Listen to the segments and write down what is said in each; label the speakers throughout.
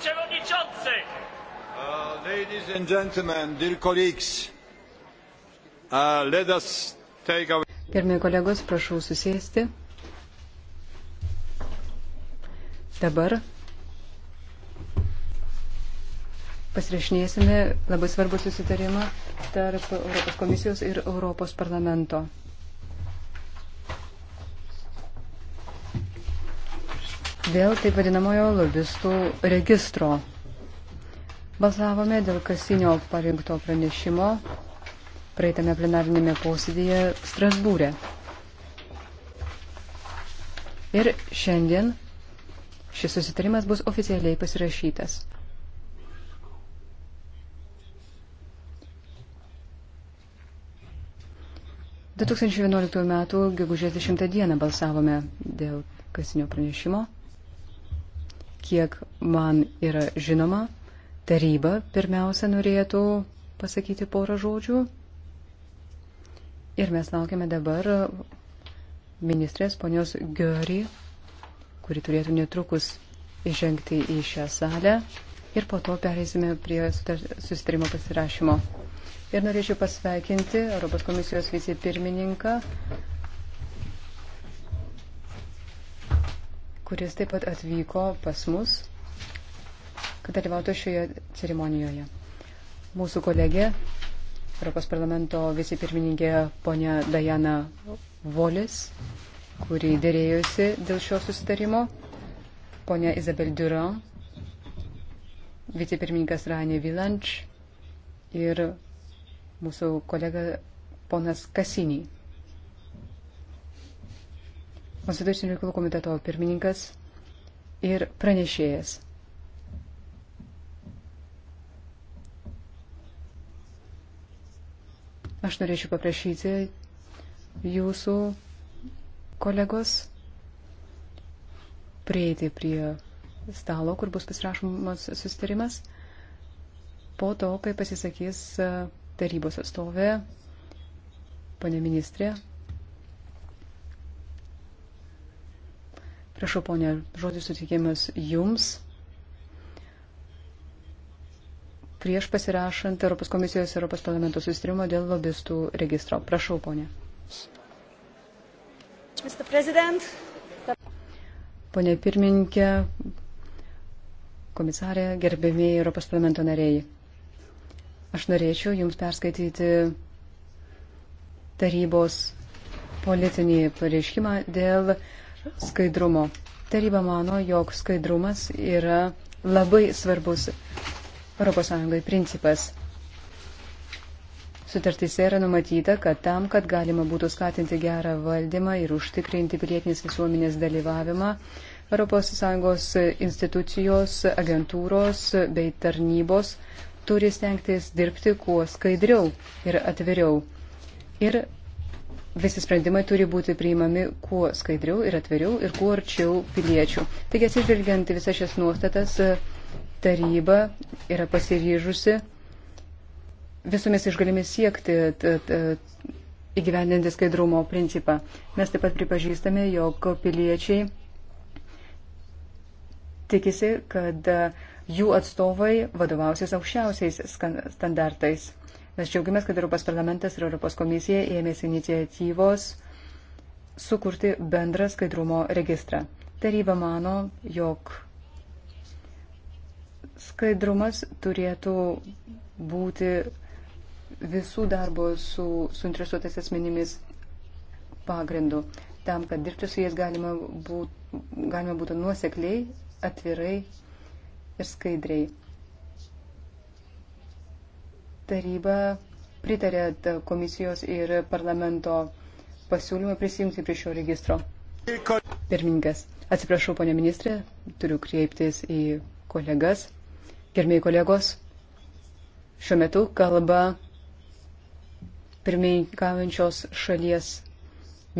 Speaker 1: przewodniczący! Uh, ladies and gentlemen, dear colleagues, uh, let us take our... Gerbėjai kolegos, prašau susėsti. Dabar pasirašinėsime labai svarbų susitarimą tarp Europos komisijos ir Europos parlamento. dėl taip vadinamojo lobistų registro. Balsavome dėl kasinio parinkto pranešimo praeitame plenarinėme posėdėje Strasbūrė. Ir šiandien šis susitarimas bus oficialiai pasirašytas. Du 2011 m. gegužės 10 d. balsavome dėl kasinio pranešimo kiek man yra žinoma, taryba pirmiausia norėtų pasakyti porą žodžių. Ir mes laukiame dabar ministrės ponios Giori, kuri turėtų netrukus įžengti į šią salę. Ir po to perėsime prie susitarimo pasirašymo. Ir norėčiau pasveikinti Europos komisijos vicepirmininką kuris taip pat atvyko pas mus, kad dalyvautų šioje ceremonijoje. Mūsų kolegė, Europos parlamento vicepirmininkė ponia Dajana Volis, kuri dėrėjusi dėl šio susitarimo, ponia Izabel Duran, vicepirmininkas Ranė Vilanč ir mūsų kolega ponas Kasinį. Konstitucinių reikalų komiteto pirmininkas ir pranešėjas. Aš norėčiau paprašyti jūsų kolegos prieiti prie stalo, kur bus pasirašomas susitarimas, po to, kai pasisakys e, tarybos atstovė, pane ministrė, Prašau, ponė, žodis sutikimas jums. Prieš pasirašant Europos komisijos Europos parlamento sustrimo dėl lobistų registro. Prašau, ponė. Pone pirmininkė, komisarė, gerbėmiai Europos parlamento nariai. Aš norėčiau Jums perskaityti tarybos politinį pareiškimą dėl skaidrumo. Taryba mano, jog skaidrumas yra labai svarbus ES principas. Sutartyse yra numatyta, kad tam, kad galima būtų skatinti gerą valdymą ir užtikrinti pilietinės visuomenės dalyvavimą, ES institucijos, agentūros bei tarnybos turi stengtis dirbti kuo skaidriau ir atviriau. Ir visi sprendimai turi būti priimami kuo skaidriau ir atviriau ir kuo arčiau piliečių. Taigi, atsižvelgiant į visas šias nuostatas, taryba yra pasiryžusi visomis išgalimis siekti įgyvendinti skaidrumo principą. Mes taip pat pripažįstame, jog piliečiai tikisi, kad jų atstovai vadovausis aukščiausiais standartais. Mes džiaugiamės, kad Europos parlamentas ir Europos komisija ėmėsi iniciatyvos sukurti bendrą skaidrumo registrą. Taryba mano, jog skaidrumas turėtų būti visų darbo su suinteresuotais asmenimis pagrindu, tam, kad dirbti su jais galima, būt, galima būtų nuosekliai, atvirai ir skaidriai. Taryba pritarė komisijos ir parlamento pasiūlymą prisijungti prie šio registro. Pirmininkas, atsiprašau, ponė ministrė, turiu kreiptis į kolegas. Gerbėjai kolegos, šiuo metu kalba pirmininkaujančios šalies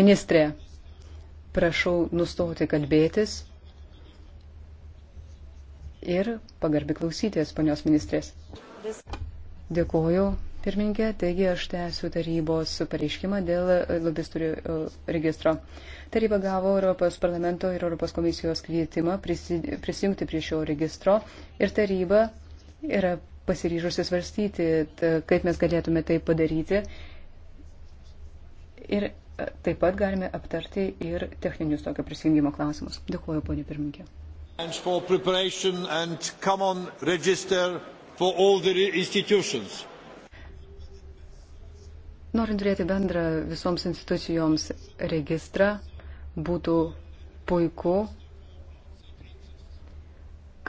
Speaker 1: ministrė. Prašau nustoti kalbėtis ir pagarbi klausytis, ponios ministrės. Vis. Dėkuoju, pirmininkė. Taigi aš tęsiu tarybos pareiškimą dėl e, lobistų e, registro. Taryba gavo Europos parlamento ir Europos komisijos kvietimą prisijungti prie šio registro ir taryba yra pasiryžusi svarstyti, kaip mes galėtume tai padaryti. Ir e, taip pat galime aptarti ir techninius tokio prisijungimo klausimus. Dėkuoju, ponė pirmininkė for all the institutions. Norint turėti bendrą visoms institucijoms registrą, būtų puiku,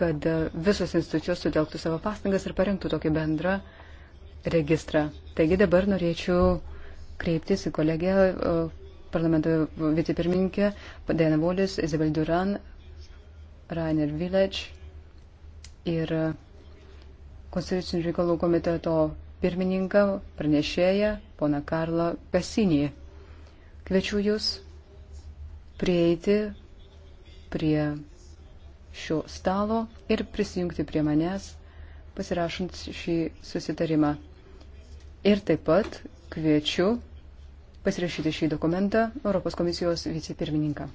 Speaker 1: kad visos institucijos sutelktų savo pastangas ir parengtų tokį bendrą registrą. Taigi dabar norėčiau kreiptis į kolegę e, parlamento vicepirmininkę Dana Volis, Izabel Duran, Rainer Village ir konstitucinių reikalų komiteto pirmininką, pranešėją, poną Karlą Pesinį. Kviečiu Jūs prieiti prie šio stalo ir prisijungti prie manęs, pasirašant šį susitarimą. Ir taip pat kviečiu pasirašyti šį dokumentą Europos komisijos vicepirmininką.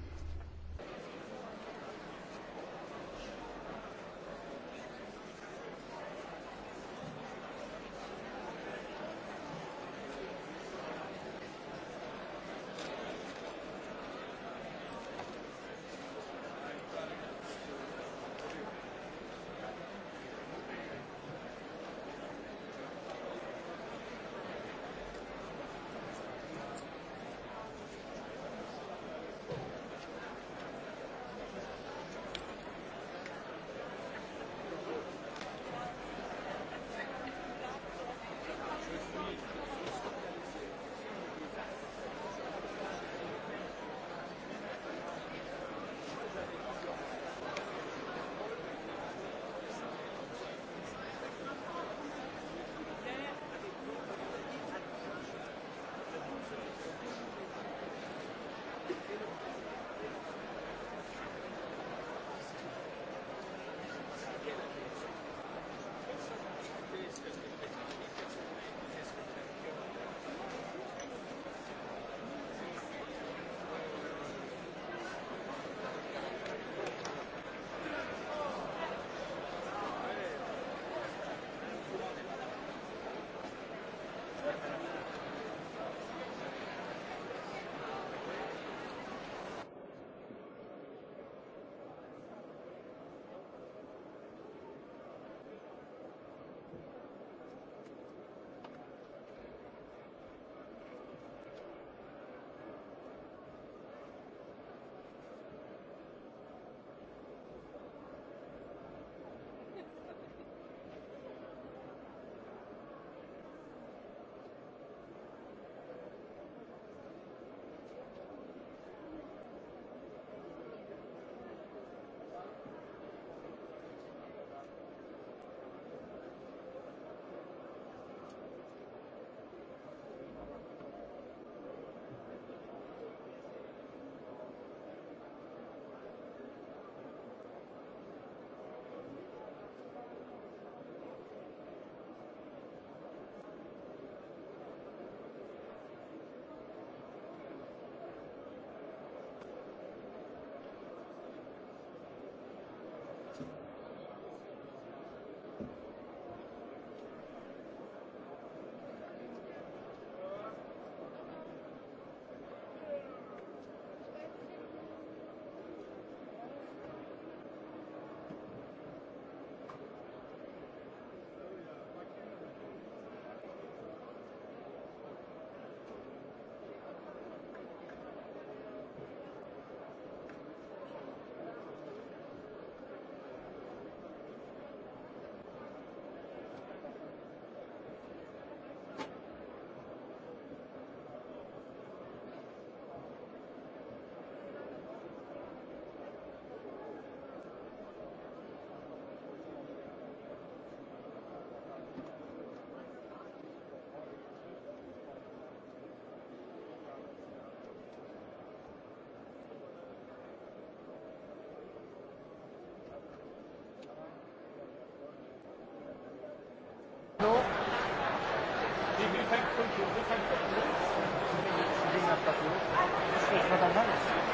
Speaker 1: Sì, lo dà male?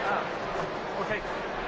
Speaker 1: Ah, ok.